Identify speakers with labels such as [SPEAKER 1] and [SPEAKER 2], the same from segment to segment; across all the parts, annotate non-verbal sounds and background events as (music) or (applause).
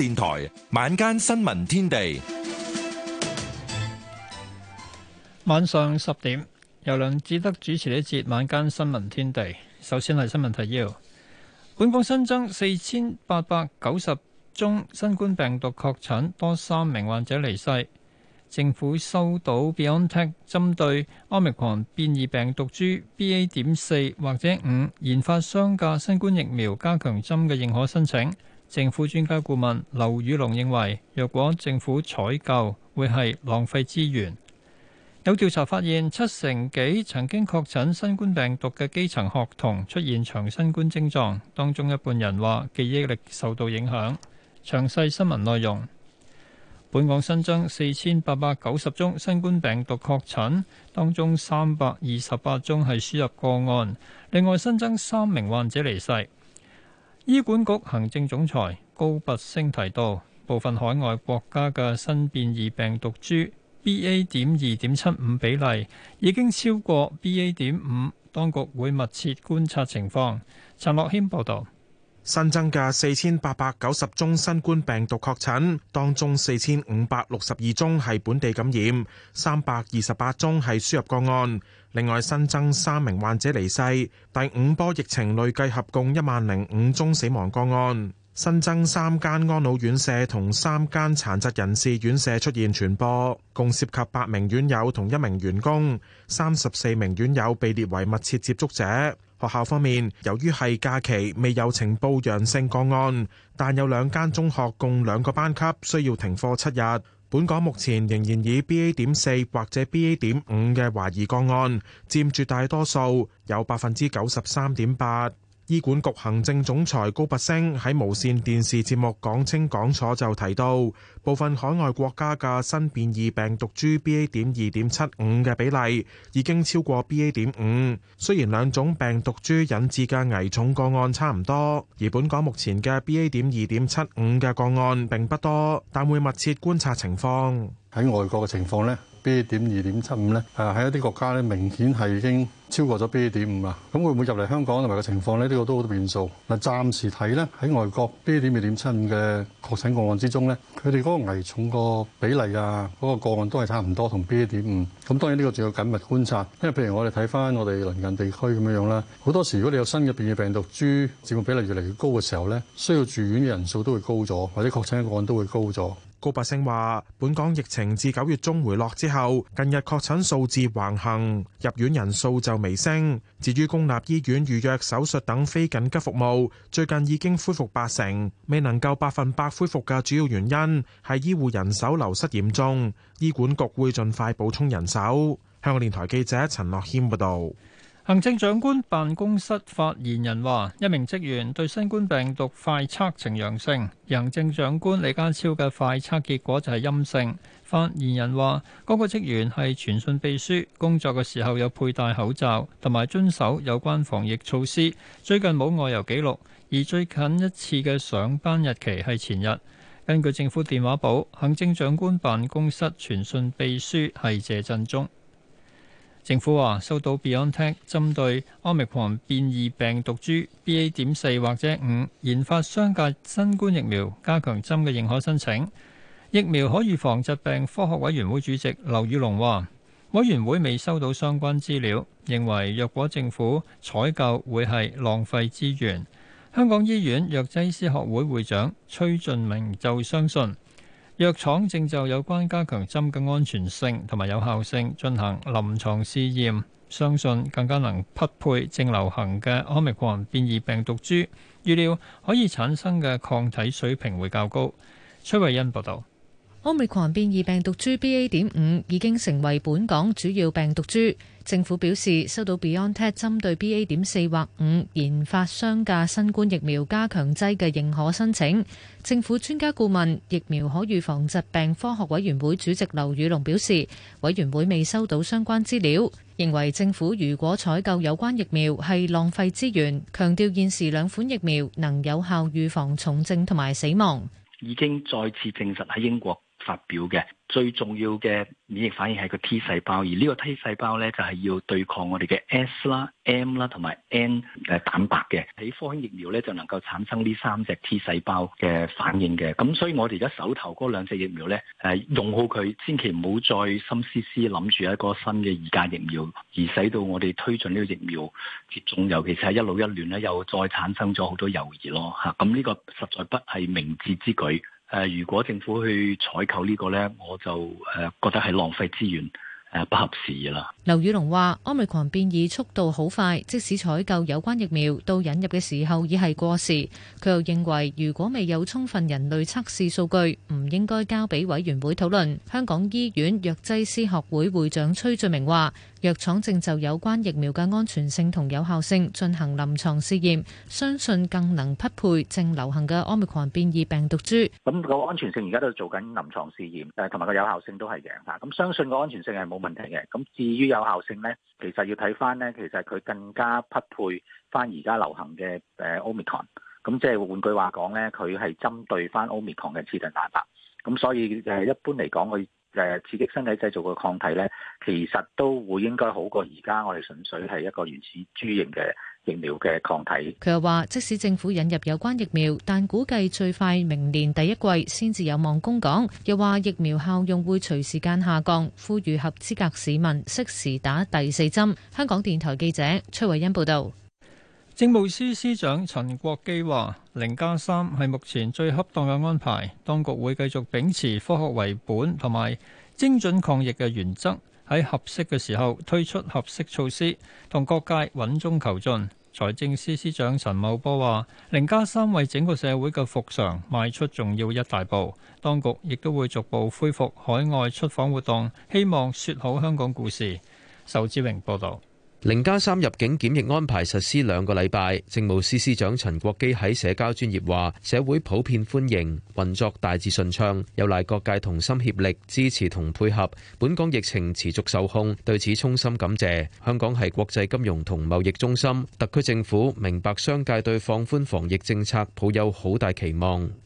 [SPEAKER 1] 電台晚間新聞天地，
[SPEAKER 2] 晚上十點，由梁智德主持呢一節晚間新聞天地。首先係新聞提要：本港新增四千八百九十宗新冠病毒確診，多三名患者離世。政府收到 Biontech 針對奧密克戎變異病毒株 BA. 點四或者五研發商嘅新冠疫苗加強針嘅認可申請。政府專家顧問劉宇隆認為，若果政府採購，會係浪費資源。有調查發現，七成幾曾經確診新冠病毒嘅基層學童出現長新冠症狀，當中一半人話記憶力受到影響。詳細新聞內容，本港新增四千八百九十宗新冠病毒確診，當中三百二十八宗係輸入個案，另外新增三名患者離世。醫管局行政總裁高拔陞提到，部分海外國家嘅新變異病毒株 BA.2.75 比例已經超過 BA.5，當局會密切觀察情況。陳樂謙
[SPEAKER 1] 報道。新增嘅四千八百九十宗新冠病毒確診，當中四千五百六十二宗係本地感染，三百二十八宗係輸入個案。另外新增三名患者離世，第五波疫情累計合共一萬零五宗死亡個案。新增三間安老院舍同三間殘疾人士院舍出現傳播，共涉及八名院友同一名員工，三十四名院友被列為密切接觸者。學校方面，由於係假期，未有呈報陽性個案，但有兩間中學共兩個班級需要停課七日。本港目前仍然以 BA 點四或者 BA 點五嘅懷疑個案佔絕大多數有，有百分之九十三點八。醫管局行政總裁高拔陞喺無綫電視節目講清講楚，就提到部分海外國家嘅新變異病毒株 B A. 點二點七五嘅比例已經超過 B A. 點五。雖然兩種病毒株引致嘅危重個案差唔多，而本港目前嘅 B A. 點二點七五嘅個案並不多，但會密切觀察情況。喺外
[SPEAKER 2] 國嘅情況呢？B. 點
[SPEAKER 1] 二點七五咧，喺一啲國
[SPEAKER 2] 家咧，明顯係已經超過咗 B. 點五啦。咁會唔會入嚟香港同埋嘅情況咧？呢個都好多變數。嗱，暫時睇咧，喺外國 B. 點二點七五嘅確診個案之中咧，佢哋嗰個危重個比例啊，嗰個個案都係差唔多同 B. 點五。咁當然呢個仲要緊密觀察，因為譬如我哋睇翻我哋鄰近地區咁樣樣啦，好多時如果你有新嘅變異病毒株
[SPEAKER 1] 佔據比例越嚟越高嘅時候咧，需要住院嘅人數都會高咗，或者確診個案都會高咗。高拔陞話本港疫情自九月中回落之後，近日確診數字橫行，入院人數就微升。至於公立醫院預約手術等非緊急服務，最近已經恢復八成，未能夠百分百恢復嘅主要原因係醫護人手流失嚴重，醫管局會盡快補充人手。香港電台記者陳樂謙報道。行政長官辦公室發言人話：一名職
[SPEAKER 2] 員對新冠病毒快測呈陽性，行政長官李家超嘅快測結果就係陰性。發言人話：嗰、那個職員係傳訊秘書，工作嘅時候有佩戴口罩，同埋遵守有關防疫措施，最近冇外遊記錄，而最近一次嘅上班日期係前日。根據政府電話簿，行政長官辦公室傳訊秘書係謝振中。政府話收到 BioNTech 針對奧密克戎變異病毒株 BA. 點四或者五研發雙價新冠疫苗加強針嘅認可申請，疫苗可預防疾病科學委員會主席劉宇龍話：委員會未收到相關資料，認為若果政府採購會係浪費資源。香港醫院藥劑師學會會長崔俊明就相信。藥廠正就有關加強針嘅安全性同埋有效性進行臨床試驗，相信更加能匹配正流行嘅奧密克戎變異病毒株，預料可以產生嘅抗體水平會較高。崔慧欣報道。
[SPEAKER 3] Omicron 變異病毒株 BA.5 已經成為本港主要病毒株。政府表示收到 BioNTech 針對 BA.4 或5研發商嘅新冠疫苗加強劑嘅認可申請。政府專家顧問疫苗可預防疾病科學委員會主席劉宇隆表示，委員會未收到相關資料，認為政府如果採購有關疫苗係浪費資源。強調現時兩款疫苗能有效預防重症同埋死亡。
[SPEAKER 4] 已經再次證實喺英國發表嘅最重要嘅免疫反應係個 T 細胞，而呢個 T 細胞咧就係要對抗我哋嘅 S 啦、M 啦同埋 N 蛋白嘅。喺科興疫苗咧，就能夠產生呢三隻 T 細胞嘅反應嘅。咁所以我哋而家手頭嗰兩隻疫苗咧，用好佢，千祈唔好再心思思諗住一個新嘅二價疫苗，而使到我哋推進呢個疫苗接種，其尤其是係一老一嫩咧，又再產生咗好多猶疑咯嚇。咁呢個實在不係明智之舉。誒，如果政府去採購呢個咧，我就誒覺得係浪費資源。誒，不合時啦。
[SPEAKER 3] 劉宇龍話：，奧密克戎變異速度好快，即使採購有關疫苗，到引入嘅時候已係過時。佢又認為，如果未有充分人類測試數據，唔應該交俾委員會討論。香港醫院藥劑師學會會長崔俊明話：，藥廠正就有關疫苗嘅安全性同有效性進行臨床試驗，相信更能匹配正流行嘅奧密克戎變異病毒株。
[SPEAKER 4] 咁個安全性而家都做緊
[SPEAKER 5] 臨床試驗，誒，同埋個有效性都係嘅吓，咁相信個安全性係冇問題嘅，咁至於有效性咧，其實要睇翻咧，其實佢更加匹配翻而家流行嘅
[SPEAKER 4] Omicron。咁即係換句話講咧，佢係針對翻 Omicron 嘅刺突蛋白，咁所以一般嚟講，佢刺激身體製造個抗體咧，其實都會應該好過而家我哋純粹係一個原始株型嘅疫苗嘅抗體，
[SPEAKER 3] 佢又話即使政府引入有關疫苗，但估計最快明年第一季先至有望供港。又話疫苗效用會隨時間下降，呼籲合資格市民適時打第四針，香港電台記者崔慧欣報道。
[SPEAKER 2] 政務司司長陳國基話零加三係目前最恰當嘅安排。當局會繼續秉持科學為本同埋精準抗疫嘅原則。喺合適嘅時候推出合適措施，同各界穩中求進。財政司司長陳茂波話，零加三為整個社會嘅復常邁出重要一大步，當局亦都會逐步恢復海外出訪活動，希望說好香港故事。仇志榮報道。
[SPEAKER 6] 零加三入境檢疫安排實施兩個禮拜，政務司司長陳國基喺社交專業話：社會普遍歡迎，運作大致順暢，有賴各界同心協力支持同配合。本港疫情持續受控，對此衷心感謝。香港係國際金融同貿易中心，特區政府明白商界對放寬防疫政策抱有好大期望。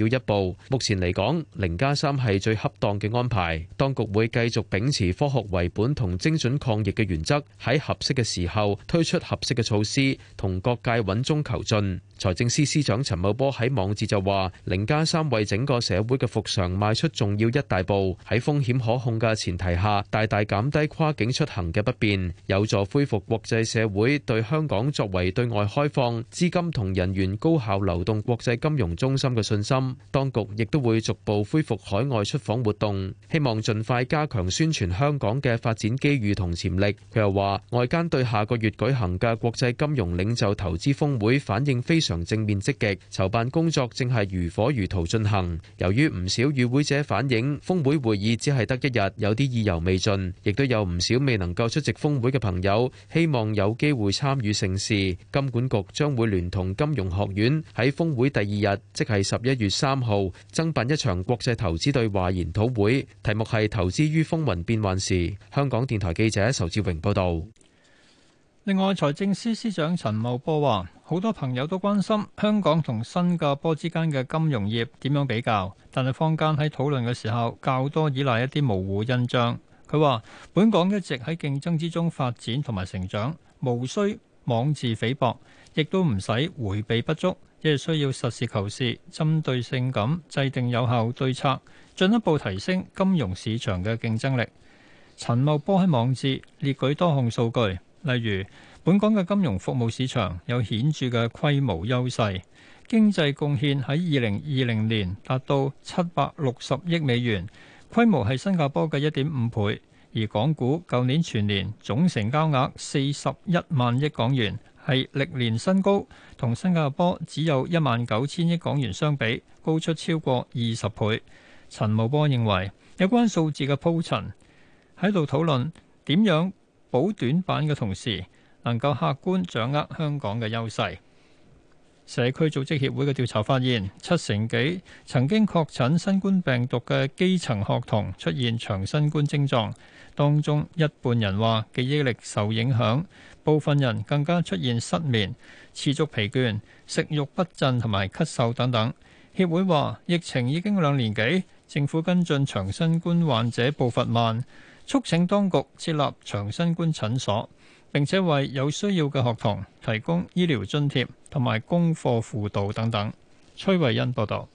[SPEAKER 6] 要一步，目前嚟講，零加三係最恰當嘅安排。當局會繼續秉持科學為本同精準抗疫嘅原則，喺合適嘅時候推出合適嘅措施，同各界穩中求進。財政司司長陳茂波喺網誌就話：零加三為整個社會嘅復常邁出重要一大步，喺風險可控嘅前提下，大大減低跨境出行嘅不便，有助恢復國際社會對香港作為對外開放、資金同人員高效流動國際金融中心嘅信心。當局亦都會逐步恢復海外出訪活動，希望盡快加強宣傳香港嘅發展機遇同潛力。佢又話：外間對下個月舉行嘅國際金融領袖投資峯會反應非常正面積極，籌辦工作正係如火如荼進行。由於唔少與會者反映，峯會會議只係得一日，有啲意猶未盡，亦都有唔少未能夠出席峯會嘅朋友，希望有機會參與盛事。金管局將會聯同金融學院喺峯會第二日，即係十一月。三號增辦一場國際投資對話研討會，題目係投資於風雲變幻時。香港電台記者仇志榮報道。
[SPEAKER 2] 另外，財政司司長陳茂波話，好多朋友都關心香港同新加坡之間嘅金融業點樣比較，但係坊間喺討論嘅時候較多依賴一啲模糊印象。佢話，本港一直喺競爭之中發展同埋成長，無需。網誌誹謗，亦都唔使回避不足，亦係需要實事求是、針對性咁制定有效對策，進一步提升金融市場嘅競爭力。陳茂波喺網誌列舉多項數據，例如本港嘅金融服務市場有顯著嘅規模優勢，經濟貢獻喺二零二零年達到七百六十億美元，規模係新加坡嘅一點五倍。而港股舊年全年總成交額四十一萬億港元，係歷年新高，同新加坡只有一萬九千億港元相比，高出超過二十倍。陳茂波認為，有關數字嘅鋪陳，喺度討論點樣補短板嘅同時，能夠客觀掌握香港嘅優勢。社區組織協會嘅調查發現，七成幾曾經確診新冠病毒嘅基層學童出現長新冠症狀，當中一半人話記憶力受影響，部分人更加出現失眠、持續疲倦、食慾不振同埋咳嗽等等。協會話疫情已經兩年幾，政府跟進長新冠患者步伐慢，促請當局設立長新冠診所。並且為有需要嘅學童提供醫療津貼同埋功課輔導等等。崔慧恩報導。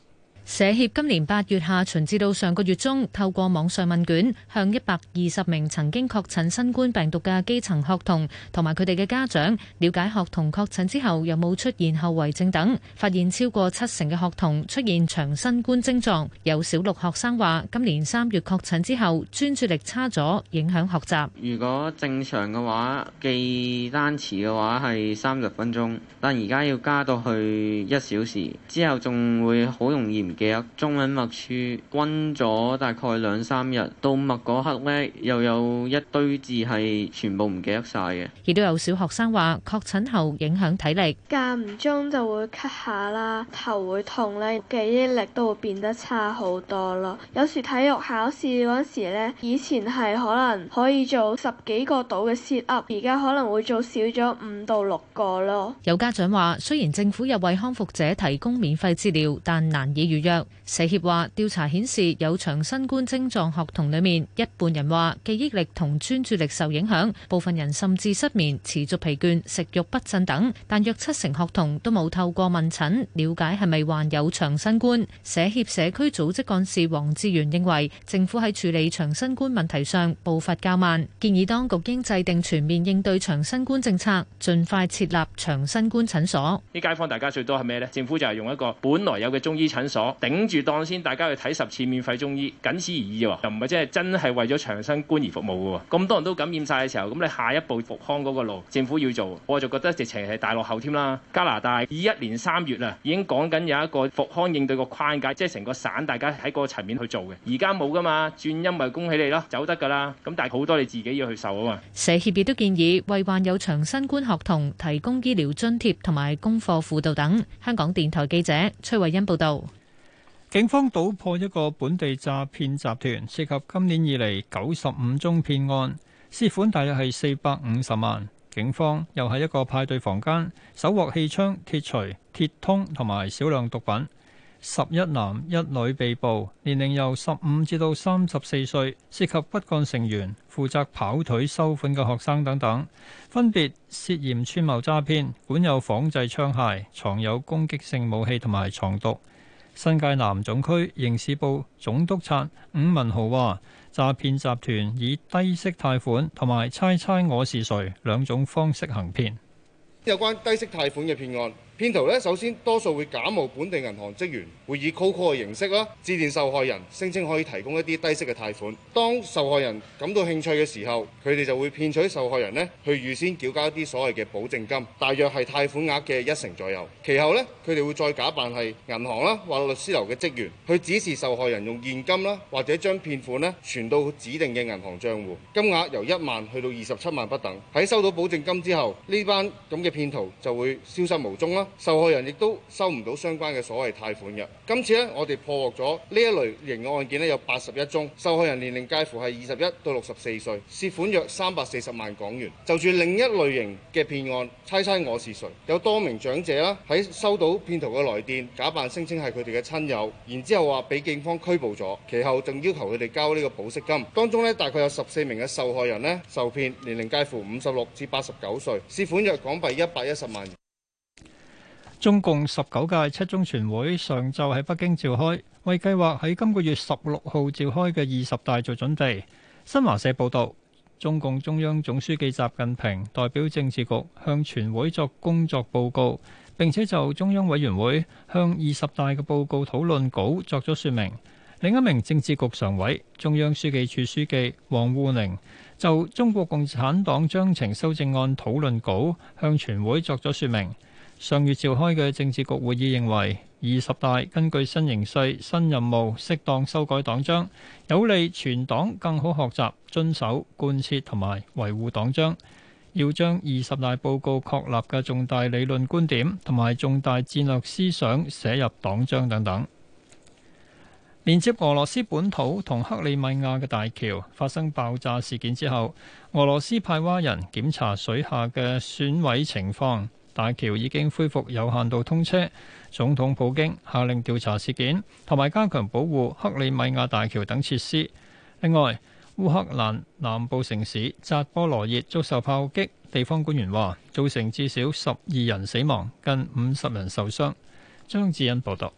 [SPEAKER 3] 社協今年八月下旬至到上個月中，透過網上問卷向一百二十名曾經確診新冠病毒嘅基層學童同埋佢哋嘅家長，了解學童確診之後又有冇出現後遺症等，發現超過七成嘅學童出現長新冠症狀，有小六學生話：今年三月確診之後，專注力差咗，影響學習。
[SPEAKER 6] 如果正常嘅話，記單詞嘅話係三十分鐘，但而家要加到去一小時，之後仲會好容易唔記中文默書溫咗大概兩三日，到默嗰刻呢，又有一堆字係全部唔記得晒嘅。
[SPEAKER 3] 亦都有小學生話，確診後影響體力，間唔中就會咳下啦，頭會痛咧，記憶力都會變得差好多咯。有時體育考試嗰時呢，以前係可能可以做十幾個到嘅 sit up，而家可能會做少咗五到六個咯。有家長話，雖然政府又為康復者提供免費資料，但難以預。社協話調查顯示，有長新冠症狀學童裏面，一半人話記憶力同專注力受影響，部分人甚至失眠、持續疲倦、食欲不振等。但約七成學童都冇透過問診了解係咪患有長新冠。社協社區組織幹事黃志源認為，政府喺處理長新冠問題上步伐較慢，建議當局應制定全面應對長新冠政策，盡快設立長新冠診所。
[SPEAKER 7] 呢啲街坊大家最多係咩呢？政府就係用一個本來有嘅中醫診所。頂住檔先，大家去睇十次免費中醫，僅此而已喎，又唔係即係真係為咗長新冠而服務喎。咁多人都感染晒嘅時候，咁你下一步復康嗰個路，政府要做，我就覺得直情係大落後添啦。加拿大二一年三月啦，已經講緊有一個復康應對個框架，即係成個省大家喺個層面去做嘅。而家冇噶嘛，轉陰咪恭喜你咯，走得噶啦。咁但係好多你自己要去受啊嘛。
[SPEAKER 3] 社協亦都建議為患有長新冠學童提供醫療津貼同埋功課輔導等。香港電台記者崔慧欣報道。
[SPEAKER 2] 警方搗破一個本地詐騙集團，涉及今年以嚟九十五宗騙案，涉款大約係四百五十萬，警方又係一個派對房間，搜獲氣槍、鐵錘、鐵錘、鐵通同埋少量毒品，十一男一女被捕，年齡由十五至到三十四歲，涉及骨幹成員，負責跑腿收款嘅學生等等，分別涉嫌串謀詐騙，管有仿製槍械、藏有攻擊性武器同埋藏毒。新界南總區刑事部總督察伍文豪話，詐騙集團以低息貸款同埋「猜猜我是誰」兩種方式行騙。
[SPEAKER 7] 有關低息貸款嘅騙案。騙徒咧，首先多數會假冒本地銀行職員，會以 cold call 嘅形式啦，致電受害人，聲稱可以提供一啲低息嘅貸款。當受害人感到興趣嘅時候，佢哋就會騙取受害人呢，去預先繳交一啲所謂嘅保證金，大約係貸款額嘅一成左右。其後呢，佢哋會再假扮係銀行啦或者律師樓嘅職員，去指示受害人用現金啦或者將騙款呢轉到指定嘅銀行帳戶，金額由一萬去到二十七萬不等。喺收到保證金之後，呢班咁嘅騙徒就會消失無蹤啦。受害人亦都收唔到相關嘅所謂貸款嘅。今次咧，我哋破獲咗呢一類型嘅案件呢，有八十一宗，受害人年齡介乎係二十一到六十四歲，涉款約三百四十萬港元。就住另一類型嘅騙案，猜猜我是誰？有多名長者啊，喺收到騙徒嘅來電，假扮聲稱係佢哋嘅親友，然之後話俾警方拘捕咗，其後仲要求佢哋交呢個保釋金。當中呢，大概有十四名嘅受害人呢受騙，年齡介乎五十六至八十九歲，涉款約港幣一百一十萬。
[SPEAKER 2] 中共十九屆七中全會上晝喺北京召開，為計劃喺今個月十六號召開嘅二十大做準備。新華社報道，中共中央總書記習近平代表政治局向全會作工作報告，並且就中央委員會向二十大嘅報告討論稿作咗說明。另一名政治局常委、中央書記處書記王滬寧就中國共產黨章程修正案討論稿向全會作咗說明。上月召開嘅政治局會議認為，二十大根據新形勢、新任務，適當修改黨章，有利全黨更好學習、遵守、貫徹同埋維護黨章。要將二十大報告確立嘅重大理論觀點同埋重大戰略思想寫入黨章等等。連接俄羅斯本土同克里米亞嘅大橋發生爆炸事件之後，俄羅斯派蛙人檢查水下嘅損毀情況。大橋已經恢復有限度通車，總統普京下令調查事件，同埋加強保護克里米亞大橋等設施。另外，烏克蘭南部城市扎波羅熱遭受炮擊，地方官員話造成至少十二人死亡，近五十人受傷。張智恩報道，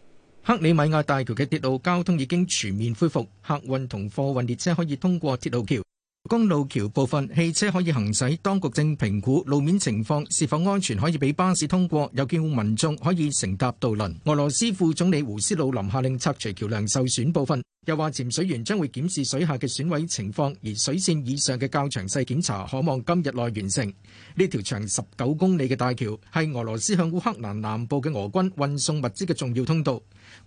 [SPEAKER 5] 克里米亞大橋嘅鐵路交通已經全面恢復，客運同貨運列車可以通過鐵路橋。公路橋部分汽車可以行駛，當局正評估路面情況是否安全，可以俾巴士通過，又叫民眾可以乘搭渡輪。俄羅斯副總理胡斯魯林下令拆除橋梁受損部分，又話潛水員將會檢視水下嘅損毀情況，而水線以上嘅較詳細檢查可望今日內完成。呢條長十九公里嘅大橋係俄羅斯向烏克蘭南部嘅俄軍運送物資嘅重要通道。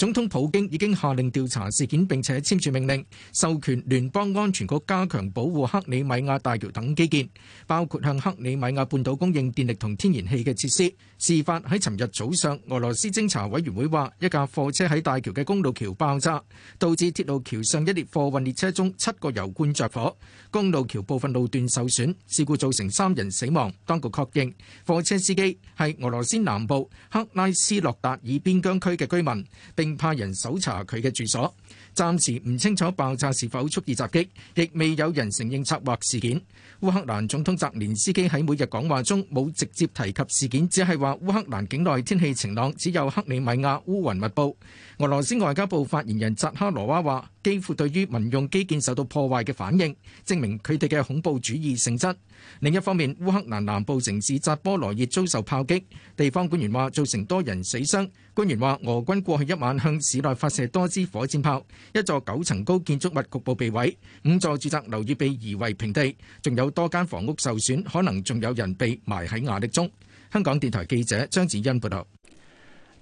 [SPEAKER 5] 總統普京已經下令調查事件，並且簽署命令，授權聯邦安全局加強保護克里米亞大橋等基建，包括向克里米亞半島供應電力同天然氣嘅設施。事發喺尋日早上，俄羅斯偵查委員會話，一架貨車喺大橋嘅公路橋爆炸，導致鐵路橋上一列貨運列車中七個油罐著火，公路橋部分路段受損。事故造成三人死亡，當局確認貨車司機係俄羅斯南部克拉斯諾達爾邊疆區嘅居民。並派人搜查佢嘅住所，暫時唔清楚爆炸是否蓄意襲擊，亦未有人承認策劃事件。烏克蘭總統澤連斯基喺每日講話中冇直接提及事件，只係話烏克蘭境內天氣晴朗，只有克里米亞烏雲密佈。俄羅斯外交部發言人扎哈羅娃話。幾乎對於民用基建受到破壞嘅反應，證明佢哋嘅恐怖主義性質。另一方面，烏克蘭南部城市扎波羅熱遭受炮擊，地方官員話造成多人死傷。官員話俄軍過去一晚向市內發射多支火箭炮，一座九層高建築物局部被毀，五座住宅樓宇被夷為平地，仲有多間房屋受損，可能仲有人被埋喺瓦礫中。香港電台記者張子欣報道。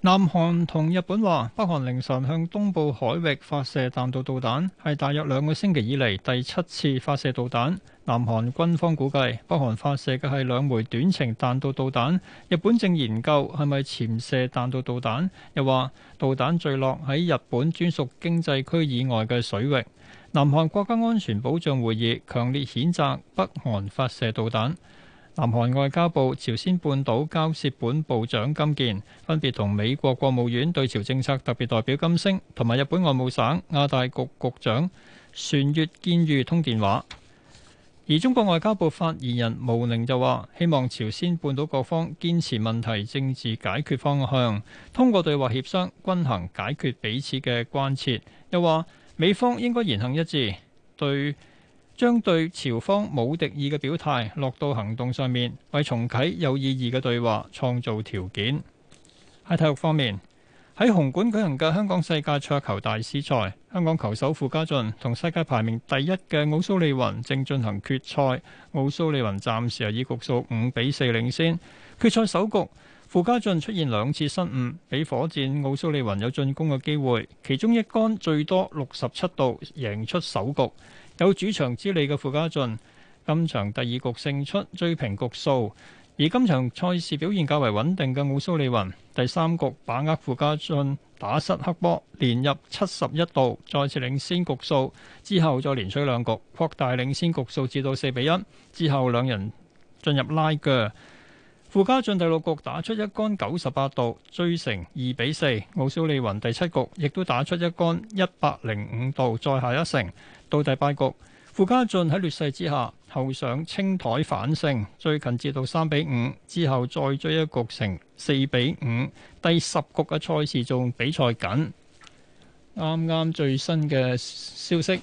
[SPEAKER 2] 南韓同日本話，北韓凌晨向東部海域發射彈道導彈，係大約兩個星期以嚟第七次發射導彈。南韓軍方估計，北韓發射嘅係兩枚短程彈道導彈。日本正研究係咪潛射彈道導彈。又話導彈墜落喺日本專屬經濟區以外嘅水域。南韓國家安全保障會議強烈譴責北韓發射導彈。南韓外交部朝鮮半島交涉本部長金健，分別同美國國務院對朝政策特別代表金星，同埋日本外務省亞大局局長船越健裕通電話。而中國外交部發言人毛寧就話：希望朝鮮半島各方堅持問題政治解決方向，通過對話協商均衡解決彼此嘅關切。又話美方應該言行一致對，將對朝方冇敵意嘅表態落到行動上面，為重啟有意義嘅對話創造條件。喺體育方面，喺紅館舉行嘅香港世界桌球大師賽，香港球手傅家俊同世界排名第一嘅奧蘇利雲正進行決賽。奧蘇利雲暫時係以局數五比四領先。決賽首局，傅家俊出現兩次失誤，俾火箭奧蘇利雲有進攻嘅機會，其中一桿最多六十七度，贏出首局。有主場之利嘅傅家俊，今場第二局勝出追平局數，而今場賽事表現較為穩定嘅奧蘇利雲，第三局把握傅家俊打失黑波，連入七十一度，再次領先局數，之後再連取兩局，擴大領先局數至到四比一，之後兩人進入拉鋸。傅家俊第六局打出一杆九十八度追成二比四，奧蘇利雲第七局亦都打出一杆一百零五度再下一城。到第八局，傅家俊喺劣勢之下後上清台反勝，最近至到三比五之後再追一局成四比五。第十局嘅賽事仲比賽緊，啱啱最新嘅消息，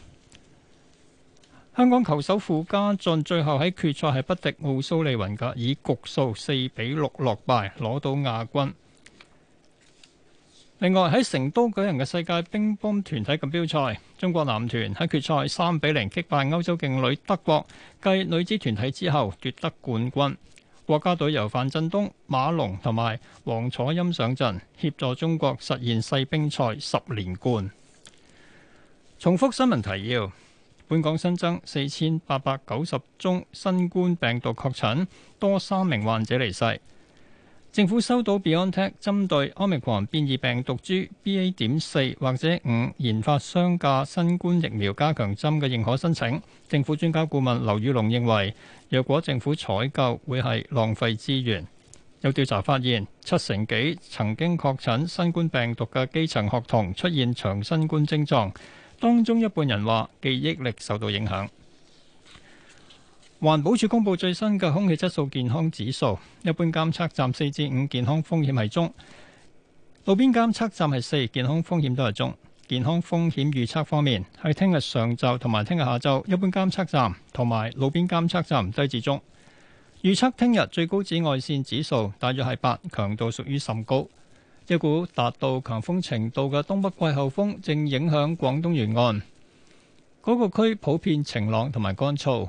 [SPEAKER 2] 香港球手傅家俊最後喺決賽係不敵奧蘇利文㗎，以局數四比六落敗，攞到亞軍。另外喺成都舉行嘅世界乒乓團體錦標賽，中國男團喺決賽三比零擊敗歐洲勁旅德國，繼女子團體之後奪得冠軍。國家隊由范振東、馬龍同埋王楚欽上陣，協助中國實現世乒賽十連冠。重複新聞提要：本港新增四千八百九十宗新冠病毒確診，多三名患者離世。政府收到 BioNTech 針對 Omicron 變異病毒株 BA. 點四或者五研發雙價新冠疫苗加強針嘅認可申請。政府專家顧問劉宇龍認為，若果政府採購會係浪費資源。有調查發現，七成幾曾經確診新冠病毒嘅基層學童出現長新冠症狀，當中一半人話記憶力受到影響。環保署公布最新嘅空氣質素健康指數，一般監測站四至五健康風險係中，路邊監測站係四健康風險都係中。健康風險預測方面，喺聽日上晝同埋聽日下晝，一般監測站同埋路邊監測站低至中。預測聽日最高紫外線指數大約係八，強度屬於甚高。一股達到強風程度嘅東北季候風正影響廣東沿岸，嗰個區普遍晴朗同埋乾燥。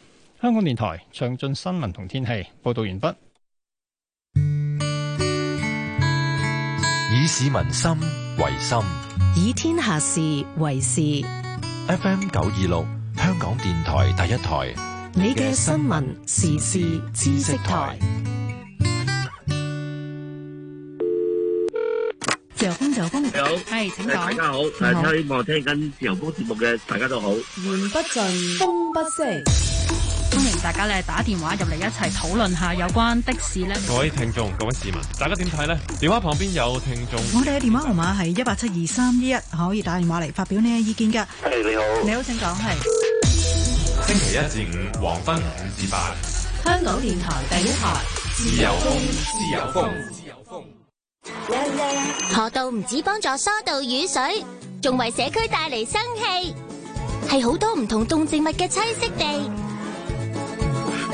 [SPEAKER 2] 香港電台詳盡新聞同天氣報道完畢，
[SPEAKER 4] 以市民
[SPEAKER 2] 心為心，
[SPEAKER 4] 以天
[SPEAKER 2] 下事為事。
[SPEAKER 4] FM 九二六，香港電台第一台，
[SPEAKER 1] 你嘅新聞時事知識台。
[SPEAKER 3] 自由風，自由風，係，請講。大家好，大家好，
[SPEAKER 7] 希望聽緊自由風節目嘅大家都好。好。
[SPEAKER 3] 言不盡，風不息。大家咧打電話入嚟一齊討論下有關的士咧。各位聽
[SPEAKER 6] 眾、各位市民，大家點睇咧？電話旁邊有聽眾。我哋
[SPEAKER 3] 嘅電話號碼係一八七二三一一，可以打電話嚟發表你嘅意見噶。你
[SPEAKER 1] 好。
[SPEAKER 3] 你好，請講。係
[SPEAKER 1] 星期一至五黃昏五至八。
[SPEAKER 3] 香港電台第一台，自由風，
[SPEAKER 1] 自由風，自
[SPEAKER 2] 由風。河道唔止幫助疏導雨水，仲為社區帶嚟生氣，係好多唔同動植物嘅棲息地。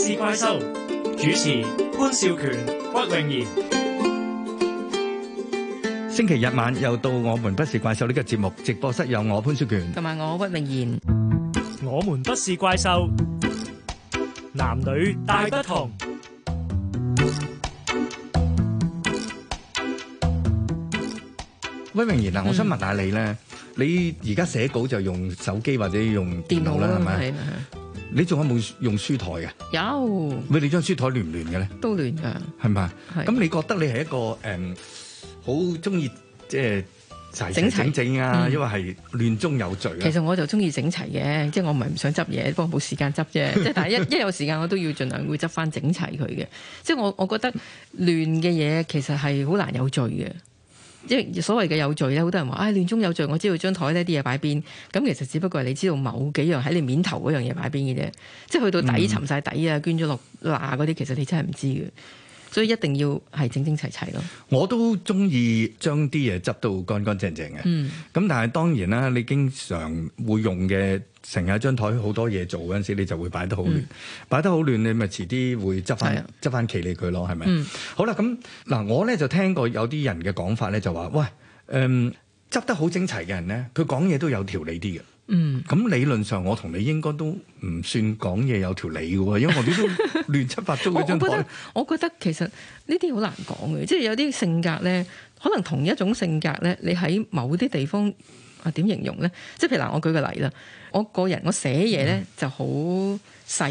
[SPEAKER 4] 是怪獸，主持潘少權、屈穎妍。星期日晚又到我們不是怪獸呢、個節目，直播室有我潘少權，同埋我屈穎妍。我們不是怪獸，
[SPEAKER 1] 男女大不同。
[SPEAKER 4] 屈穎妍我想問下你咧，嗯、你而家寫稿就用手機或者用電腦啦，係咪、啊？吧你仲有冇用書枱嘅？
[SPEAKER 2] 有。
[SPEAKER 4] 咁你張書枱亂唔亂嘅咧？都亂㗎。係咪吧？係的。咁你覺得你係一個誒，好中意即係整齊整啊，整齊因為係亂中有序、啊。嗯、其實我
[SPEAKER 2] 就中意整齊嘅，即、就、係、是、我唔係唔想執嘢，不過冇時間執啫。即係 (laughs) 但係一一有時間，我都要盡量會執翻整齊佢嘅。即、就、係、是、我我覺得亂嘅嘢其實係好難有序嘅。即係所謂嘅有序咧，好多人話：，啊、哎，亂中有序。我知道張枱呢啲嘢擺邊，咁其實只不過係你知道某幾樣喺你面頭嗰樣嘢擺邊嘅啫。即係去到底沉晒底啊，捐咗落罅嗰啲，其實你真係唔知嘅。所以一定要係整整齊齊咯。
[SPEAKER 4] 我都中意將啲嘢執到乾乾淨淨嘅。嗯。咁但係當然啦，你經常會用嘅。成日一張台好多嘢做嗰陣時，你就會擺得好亂，嗯、擺得好亂，你咪遲啲會執翻執翻企理佢咯，係咪、啊？是是嗯、好啦，咁嗱，我咧就聽過有啲人嘅講法咧，就話：，喂，誒、嗯，執得好整齊嘅人咧，佢講嘢都有條理啲嘅。嗯，咁理論上我同你應該都唔算講嘢有條理嘅喎，因為我哋都亂七八糟嘅張台。我覺得，
[SPEAKER 2] 我覺得其實呢啲好難講嘅，即、就、係、是、有啲性格咧，可能同一種性格咧，你喺某啲地方。啊，點形容咧？即係譬如嗱，我舉個例啦，我個人我寫嘢咧就好細。